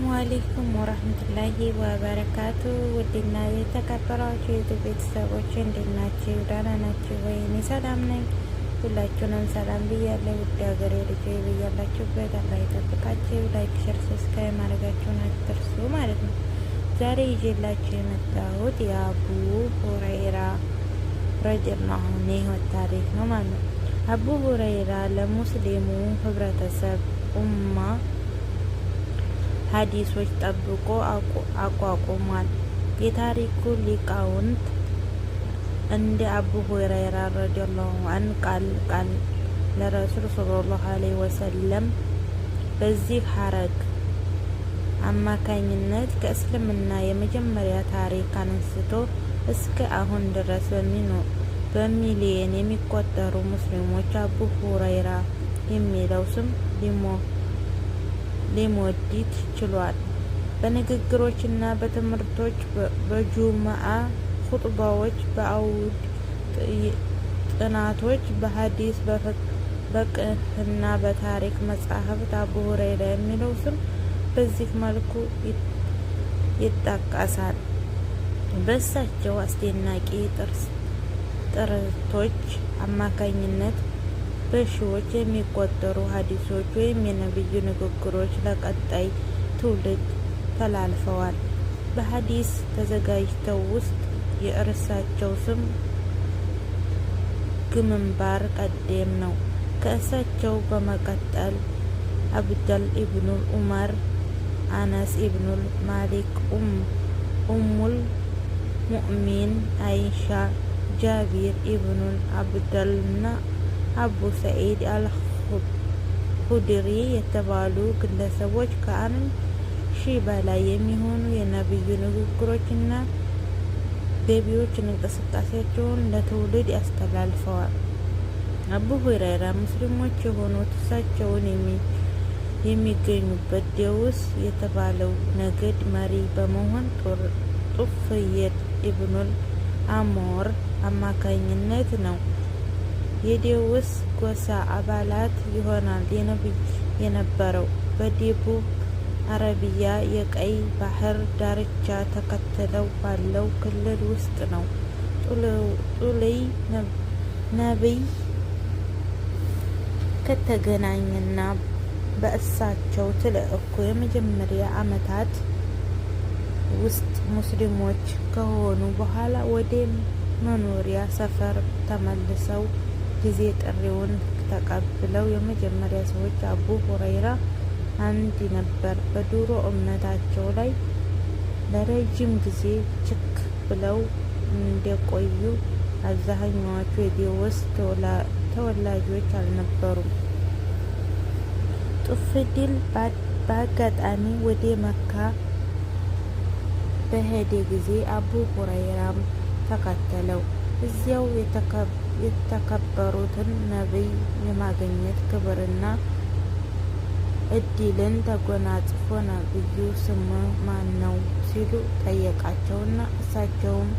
አሰላሙ አሌይኩም ወረህመቱላሂ ወበረካቱ ውድና የተከበራችሁ የዩቱብ ቤተሰቦች እንዴት ናችሁ? ደህና ናችሁ ወይ? እኔ ሰላም ነኝ። ሁላችሁንም ሰላም ብያለሁ። ውድ ሀገሬ ልጆ ብያላችሁበት አላህ ይጠብቃችሁ። ላይክ፣ ሸር፣ ሰብስክራይብ ማድረጋችሁን አትርሱ ማለት ነው። ዛሬ ይዤላችሁ የመጣሁት የአቡ ሁረይራ ረዲየላሁ ዐንሁ ታሪክ ነው ማለት ነው። አቡ ሁረይራ ለሙስሊሙ ህብረተሰብ ኡማ ሀዲሶች ጠብቆ አቋቁሟል። የታሪኩ ሊቃውንት እንደ አቡ ሁረይራ ረዲየላሁ አን ቃል ቃል ለረሱል ሰለላሁ ዐለይሂ ወሰለም በዚህ ሀረግ አማካኝነት ከእስልምና የመጀመሪያ ታሪክ አንስቶ እስከ አሁን ድረስ በሚሊየን የሚቆጠሩ ሙስሊሞች አቡ ሁረይራ የሚለው ስም ሊሞ ሊሞዲት ችሏል። በንግግሮችና በትምህርቶች፣ በጁማአ ሁጥባዎች፣ በአውድ ጥናቶች፣ በሀዲስ፣ በፍቅህና በታሪክ መጻሕፍት አቡ ሁረይራ የሚለው ስም በዚህ መልኩ ይጠቀሳል። በእሳቸው አስደናቂ ጥርቶች አማካኝነት በሺዎች የሚቆጠሩ ሀዲሶች ወይም የነቢዩ ንግግሮች ለቀጣይ ትውልድ ተላልፈዋል። በሀዲስ ተዘጋጅተው ውስጥ የእርሳቸው ስም ግምንባር ቀደም ነው። ከእሳቸው በመቀጠል አብደል ኢብኑል ዑመር፣ አነስ ኢብኑል ማሊክ፣ ኡሙል ሙእሚን አይሻ፣ ጃቢር ኢብኑል አብደልና አቡ ሰዒድ አልሁድሪ የተባሉ ግለሰቦች ከአንድ ሺ በላይ የሚሆኑ የነቢዩ ንግግሮችና ገቢዎችን እንቅስቃሴያቸውን ለትውልድ ያስተላልፈዋል። አቡ ሁረይራ ሙስሊሞች የሆኑት እሳቸውን የሚገኙበት ደውስ የተባለው ነገድ መሪ በመሆን ጡፍየድ ኢብኑል አሞር አማካኝነት ነው። የዴውስ ጎሳ አባላት ይሆናል የነበረው። በደቡብ አረቢያ የቀይ ባህር ዳርቻ ተከትለው ባለው ክልል ውስጥ ነው። ጡልይ ነቢይ ከተገናኘና በእሳቸው ተልእኮ የመጀመሪያ አመታት ውስጥ ሙስሊሞች ከሆኑ በኋላ ወደ መኖሪያ ሰፈር ተመልሰው ጊዜ ጥሪውን ተቀብለው የመጀመሪያ ሰዎች አቡ ሁረይራ አንድ ነበር። በድሮ እምነታቸው ላይ ለረጅም ጊዜ ችክ ብለው እንደቆዩ አብዛኛዎቹ የቤወስ ተወላጆች አልነበሩም። ጡፍድል በአጋጣሚ ወደ መካ በሄደ ጊዜ አቡ ሁረይራም ተከተለው። እዚያው የተከበሩትን ነቢይ የማግኘት ክብርና እድልን ተጎናጽፎ ነብዩ ስሙ ማን ነው ሲሉ ጠየቃቸውና እሳቸውም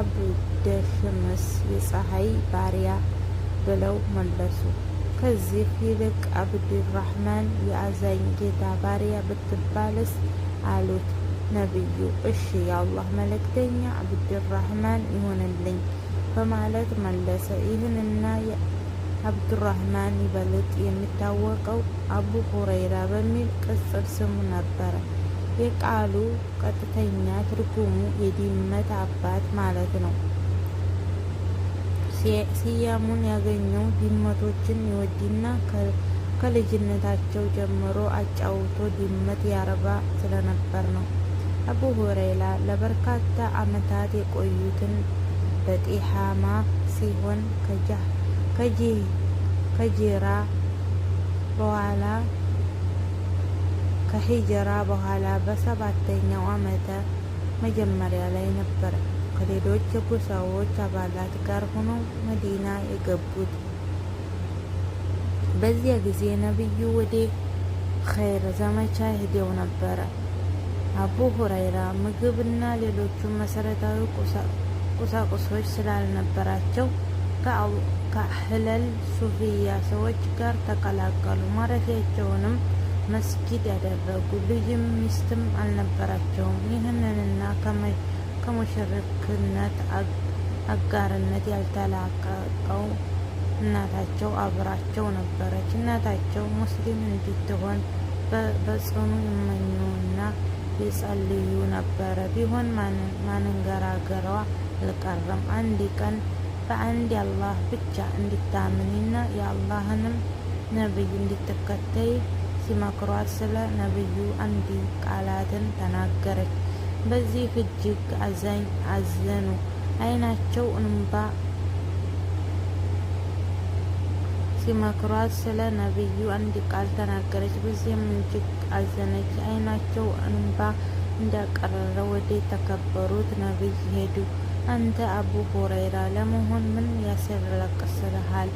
አብደሽምስ የፀሐይ ባሪያ ብለው መለሱ። ከዚህ ይልቅ አብድራህማን የአዛኝ ጌታ ባሪያ ብትባልስ አሉት ነቢዩ። እሺ የአላህ መልእክተኛ አብድራህማን ይሆንልኝ በማለት መለሰ። ይህንና የአብዱራህማን ይበልጥ የሚታወቀው አቡ ሁረይራ በሚል ቅጽል ስሙ ነበረ። የቃሉ ቀጥተኛ ትርጉሙ የድመት አባት ማለት ነው። ስያሙን ያገኘው ድመቶችን ይወድና ከልጅነታቸው ጀምሮ አጫውቶ ድመት ያረባ ስለነበር ነው። አቡ ሁረይራ ለበርካታ ዓመታት የቆዩትን በጤሃማ ሲሆን ከጂራ በኋላ ከሂጅራ በኋላ በሰባተኛው ዓመተ መጀመሪያ ላይ ነበር። ከሌሎች የጎሳዎች አባላት ጋር ሆኖ መዲና የገቡት። በዚያ ጊዜ ነቢዩ ወደ ኸይር ዘመቻ ሄደው ነበረ። አቡ ሁረይራ ምግብና ሌሎቹም መሰረታዊ ቁሳቁሶች ስላልነበራቸው ከአህለል ሱፊያ ሰዎች ጋር ተቀላቀሉ። ማረፊያቸውንም መስጊድ ያደረጉ ልጅም ሚስትም አልነበራቸውም። ይህንንና ከሙሽርክነት አጋርነት ያልተላቀቀው እናታቸው አብራቸው ነበረች። እናታቸው ሙስሊም እንድትሆን በጽኑ ይመኙና ይጸልዩ ነበረ። ቢሆን ማንንገራገሯ አልቀረም። አንድ ቀን በአንድ አላህ ብቻ እንድታምኒና የአላህንም ነብይ እንድትከተይ ሲመክሯት ስለ ነብዩ አንድ ቃላትን ተናገረች። በዚህ እጅግ አዘኑ። አይናቸው እንባ ሲመክሯት ስለ ነብዩ አንድ ቃል ተናገረች። በዚህም እጅግ አዘነች። አይናቸው እንባ እንዳቀረረ ወደ ተከበሩት ነብይ ሄዱ። አንተ አቡ ሁረይራ ለመሆን ምን ያስለቅስሃል?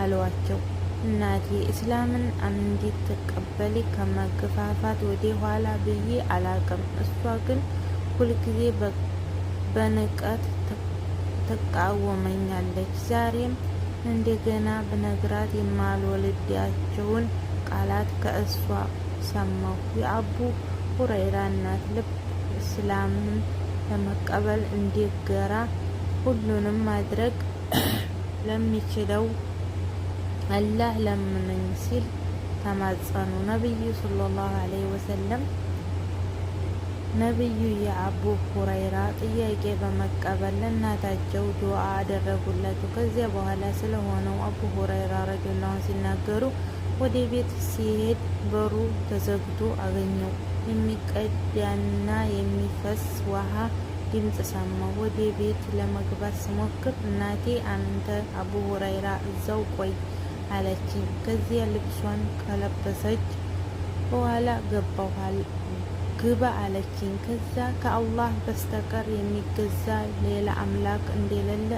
አሏቸው። እናቴ እስላምን እንድትቀበሊ ከመገፋፋት ወደ ኋላ ብዬ አላቅም። እሷ ግን ሁልጊዜ በንቀት ትቃወመኛለች። ዛሬም እንደገና ብነግራት የማልወልዳቸውን ቃላት ከእሷ ሰማሁ። የአቡ ሁረይራ እናት ልብ እስላምን ለመቀበል እንዲገራ ሁሉንም ማድረግ ለሚችለው አላህ ለምነኝ ሲል ተማጸኑ። ነብዩ ሰለላሁ ዐለይሂ ወሰለም ነብዩ የአቡ ሁረይራ ጥያቄ በመቀበል ለእናታቸው ዱዓ አደረጉላቸው። ከዚያ በኋላ ስለሆነው አቡ ሁረይራ ረዲየላሁ ሲናገሩ ወደ ቤት ሲሄድ በሩ ተዘግቶ አገኘው። የሚቀዳና የሚፈስ ውሃ ድምፅ ሰማ። ወደ ቤት ለመግባት ስሞክር እናቴ አንተ አቡ ሁረይራ እዛው ቆይ አለችኝ። ከዚያ ልብሷን ከለበሰች በኋላ ገባኋል ግባ አለችኝ። ከዛ ከአላህ በስተቀር የሚገዛ ሌላ አምላክ እንደሌለ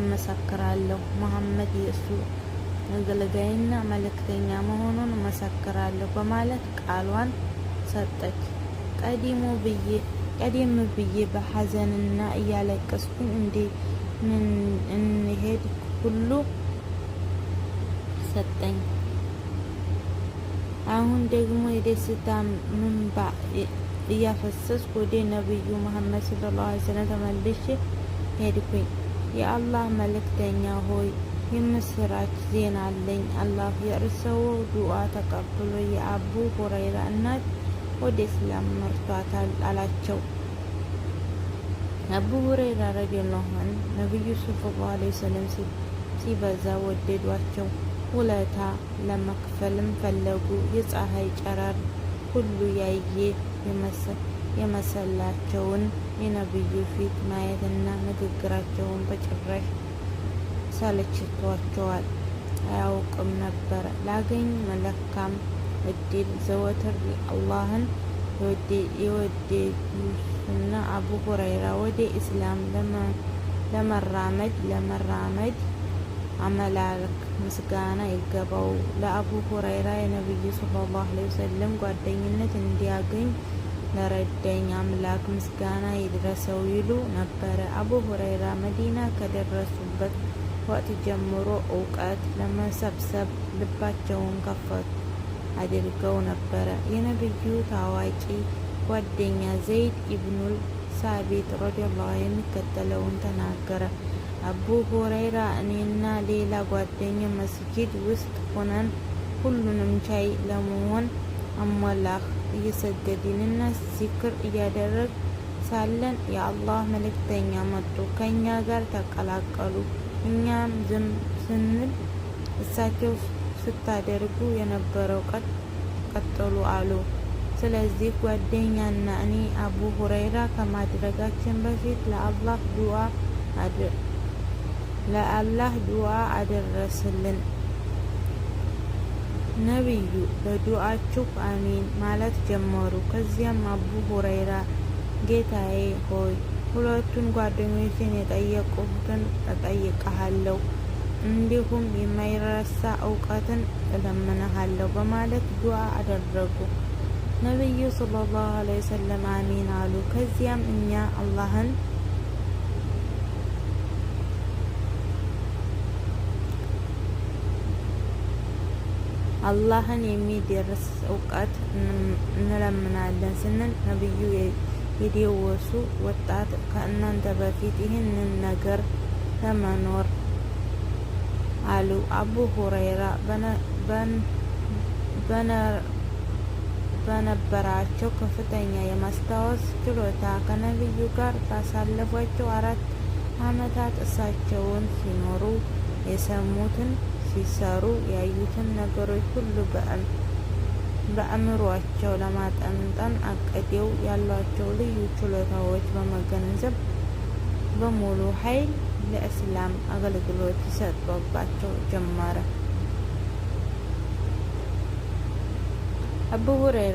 እመሰክራለሁ፣ መሐመድ የእሱ አገልጋይና መልእክተኛ መሆኑን መሰክራለሁ በማለት ቃሏን ሰጠች። ቀዲሙ ብዬ ቀደም ብዬ በሐዘንና እያለቀስኩኝ እንዴ እንሄድ ሁሉ ሰጠኝ። አሁን ደግሞ የደስታ ምንባ እያፈሰስኩ ወደ ነብዩ መሐመድ ሰለላሁ ዐለይሂ ወሰለም ተመልሼ ሄድኩኝ። የአላህ መልእክተኛ ሆይ የምስራች ዜና አለኝ። አላህ የእርሰው ዱዓ ተቀብሎ የአቡ ሁረይራ እናት ወደ እስላም መርቷታል አላቸው። አቡ ሁረይራ ረዲየላሁ ዐንሁ ነብዩ ሰለላሁ ዐለይሂ ወሰለም ሲበዛ ወደዷቸው። ውለታ ለመክፈልም ፈለጉ። የፀሐይ ጨረር ሁሉ ያየ የመሰላቸውን የነብዩ ፊት ማየትና ንግግራቸውን በጭራሽ አሰልችቷቸዋል። አያውቅም ነበር! ላገኝ መለካም እድል ዘወትር አላህን የወደዱትና አቡ ሁረይራ ወደ ኢስላም ለመራመድ ለመራመድ አመላልክ ምስጋና ይገባው። ለአቡ ሁረይራ የነቢዩ ሰለላሁ ዐለይሂ ወሰለም ጓደኝነት እንዲያገኝ ለረደኝ አምላክ ምስጋና ይድረሰው ይሉ ነበረ። አቡ ሁረይራ መዲና ከደረሱበት ከፖት ጀምሮ እውቀት ለመሰብሰብ ልባቸውን ከፈቱ አድርገው ነበረ። የነብዩ ታዋቂ ጓደኛ ዘይድ ኢብኑል ሳቢት ረዲየላሁ የሚከተለውን ተናገረ። አቡ ሁረይራ እኔና ሌላ ጓደኛ መስጂድ ውስጥ ሆነን ሁሉንም ቻይ ለመሆን አሟላህ እየሰገድንና ዚክር እያደረግ ሳለን የአላህ መልእክተኛ መጡ፣ ከእኛ ጋር ተቀላቀሉ። እኛም ዝም ስንል እሳቸው ስታደርጉ የነበረው ቀጠሉ አሉ። ስለዚህ ጓደኛና እኔ አቡ ሁረይራ ከማድረጋችን በፊት ለአላህ ዱዓ ለአላህ ዱዓ አደረስልን። ነቢዩ በዱዓችሁ አሚን ማለት ጀመሩ። ከዚያም አቡ ሁረይራ ጌታዬ ሆይ ሁለቱን ጓደኞችን የጠየቁትን እጠይቀሃለሁ እንዲሁም የማይረሳ እውቀትን እለምንሃለሁ በማለት ዱዓ አደረጉ። ነቢዩ ሰለላሁ ዐለይሂ ወሰለም አሚን አሉ። ከዚያም እኛ አላህን አላህን የሚደርስ እውቀት እንለምናለን ስንል ነቢዩ የደወሱ ወጣት ከእናንተ በፊት ይህንን ነገር ለመኖር አሉ። አቡ ሁረይራ በነበራቸው ከፍተኛ የማስታወስ ችሎታ ከነቢዩ ጋር ባሳለፏቸው አራት ዓመታት እሳቸውን ሲኖሩ የሰሙትን ሲሰሩ ያዩትን ነገሮች ሁሉ በእም በአእምሯቸው ለማጠንጠን አቅደው ያሏቸው ልዩ ችሎታዎች በመገንዘብ በሙሉ ኃይል ለእስላም አገልግሎት ይሰጥባቸው ጀመረ። አቡ ሁረይራ